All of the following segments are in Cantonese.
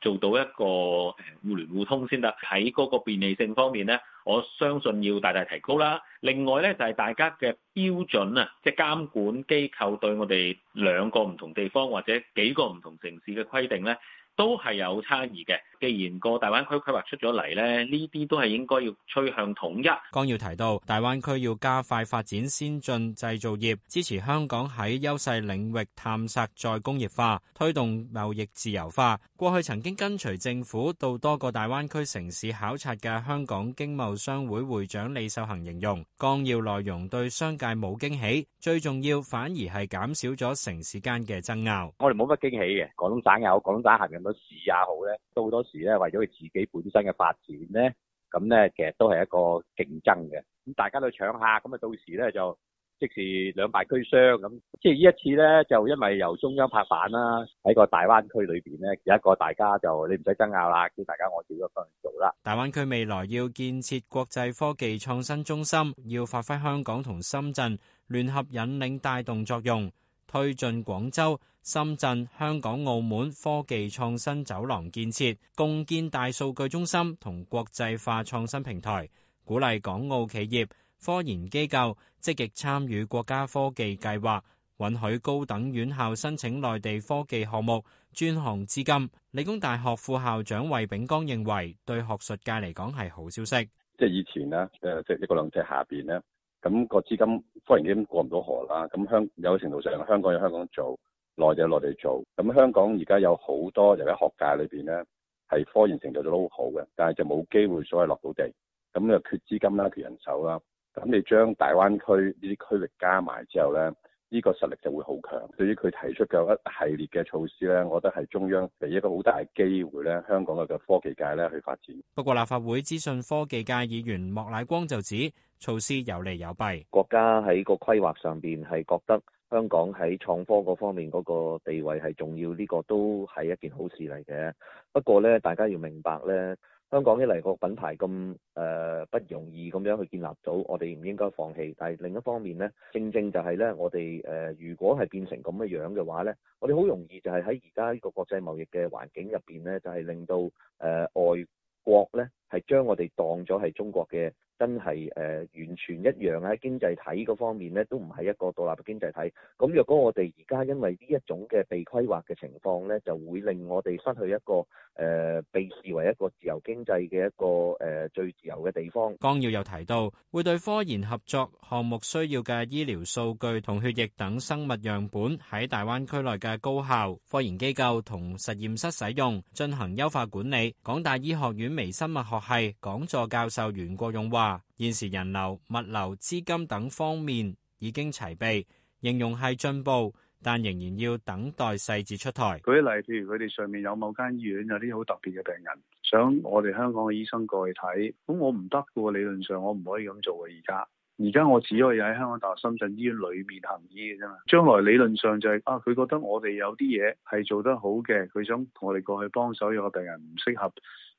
做到一個互聯互通先得。喺嗰個便利性方面咧，我相信要大大提高啦。另外咧就係大家嘅標準啊，即係監管機構對我哋兩個唔同地方或者幾個唔同城市嘅規定咧，都係有差異嘅。既然個大灣區規劃出咗嚟咧，呢啲都係應該要趨向統一。綱要提到大灣區要加快發展先進製造業，支持香港喺優勢領域探索再工業化，推動貿易自由化。過去曾經跟隨政府到多個大灣區城市考察嘅香港經貿商會會長李秀恒形容，綱要內容對商界冇驚喜，最重要反而係減少咗城市間嘅爭拗。我哋冇乜驚喜嘅，廣東省又好，廣東省行咁多市也好咧，到好多時咧，為咗佢自己本身嘅發展咧，咁咧其實都係一個競爭嘅，咁大家都搶下，咁啊到時咧就。即是兩敗俱傷咁，即係呢一次呢，就因為由中央拍板啦，喺個大灣區裏邊呢，有一個大家就你唔使爭拗啦，叫大家我自己都幫手啦。大灣區未來要建設國際科技創新中心，要發揮香港同深圳聯合引領帶動作用，推進廣州、深圳、香港、澳門科技創新走廊建設，共建大數據中心同國際化創新平台，鼓勵港澳企業。科研機構積極參與國家科技計劃，允許高等院校申請內地科技項目專項資金。理工大學副校長魏炳剛認為，對學術界嚟講係好消息。即係以前呢，誒，即係一個兩只、就是、下邊咧，咁、那個資金科研基金過唔到河啦。咁香有程度上，香港有香港做，內地有內地做。咁香港而家有好多，由、就、喺、是、學界裏邊咧，係科研成就都好好嘅，但係就冇機會所謂落到地。咁咧，缺資金啦，缺人手啦。咁你將大灣區呢啲區域加埋之後咧，呢個實力就會好強。對於佢提出嘅一系列嘅措施咧，我覺得係中央俾一個好大機會咧，香港嘅科技界咧去發展。不過立法會資訊科技界議員莫乃光就指，措施有利有弊。國家喺個規劃上邊係覺得香港喺創科嗰方面嗰個地位係重要，呢個都係一件好事嚟嘅。不過咧，大家要明白咧。香港一嚟個品牌咁誒、呃、不容易咁樣去建立到，我哋唔應該放棄。但係另一方面咧，正正就係咧、呃，我哋誒如果係變成咁嘅樣嘅話咧，我哋好容易就係喺而家呢個國際貿易嘅環境入邊咧，就係、是、令到誒、呃、外國咧係將我哋當咗係中國嘅。真係誒完全一樣喺經濟體嗰方面咧，都唔係一個獨立嘅經濟體。咁若果我哋而家因為呢一種嘅被規劃嘅情況咧，就會令我哋失去一個誒被視為一個自由經濟嘅一個誒最自由嘅地方。綱要又提到，會對科研合作項目需要嘅醫療數據同血液等生物樣本喺大灣區內嘅高校、科研機構同實驗室使用進行優化管理。港大醫學院微生物學系講座教授袁國勇話。現時人流、物流、資金等方面已經齊備，形容係進步，但仍然要等待細節出台。舉例，譬如佢哋上面有某間醫院有啲好特別嘅病人，想我哋香港嘅醫生過去睇，咁我唔得嘅，理論上我唔可以咁做嘅。而家，而家我只可以喺香港大學深圳醫院裏面行醫嘅啫嘛。將來理論上就係啊，佢覺得我哋有啲嘢係做得好嘅，佢想同我哋過去幫手，有個病人唔適合。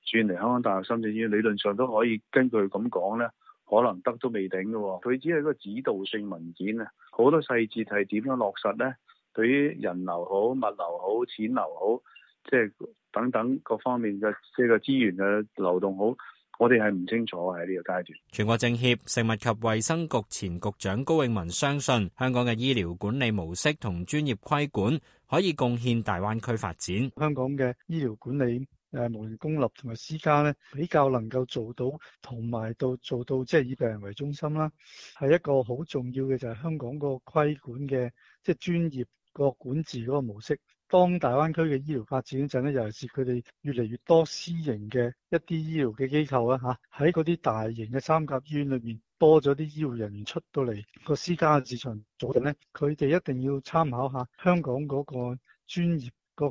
轉嚟香港大學深圳醫院，理論上都可以根據咁講咧，可能得都未定噶。佢只係個指導性文件啊，好多細節係點樣落實咧？對於人流好、物流好、錢流好，即係等等各方面嘅即個資源嘅流動好，我哋係唔清楚喺呢個階段。全國政協食物及衛生局前局長高永文相信，香港嘅醫療管理模式同專業規管可以貢獻大灣區發展。香港嘅醫療管理。誒無論公立同埋私家咧，比較能夠做到，同埋到做到即係以病人為中心啦。係一個好重要嘅，就係香港個規管嘅，即係專業個管治嗰個模式。當大灣區嘅醫療發展緊咧，尤其是佢哋越嚟越多私營嘅一啲醫療嘅機構啊，喺嗰啲大型嘅三甲醫院裏面多咗啲醫療人員出到嚟個私家嘅市場組成咧，佢哋一定要參考下香港嗰個專業。個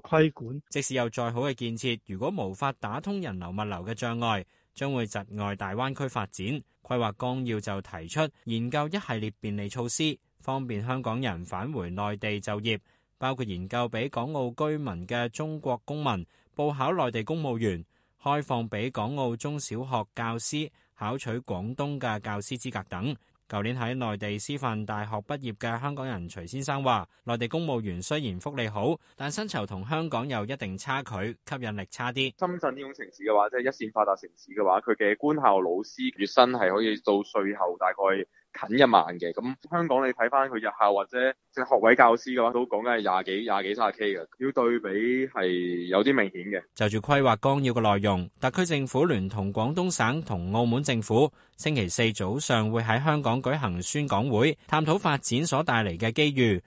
即使有再好嘅建設，如果無法打通人流、物流嘅障礙，將會窒礙大灣區發展。規劃綱要就提出研究一系列便利措施，方便香港人返回內地就業，包括研究俾港澳居民嘅中國公民報考內地公務員，開放俾港澳中小學教師考取廣東嘅教師資格等。舊年喺內地師範大學畢業嘅香港人徐先生話：內地公務員雖然福利好，但薪酬同香港有一定差距，吸引力差啲。深圳呢種城市嘅話，即係一線發達城市嘅話，佢嘅官校老師月薪係可以到稅後大概。近一萬嘅咁，香港你睇翻佢日校或者即係學位教師嘅話，都講緊係廿幾廿幾三十 K 嘅，要對比係有啲明顯嘅。就住規劃綱要嘅內容，特區政府聯同廣東省同澳門政府，星期四早上會喺香港舉行宣講會，探討發展所帶嚟嘅機遇。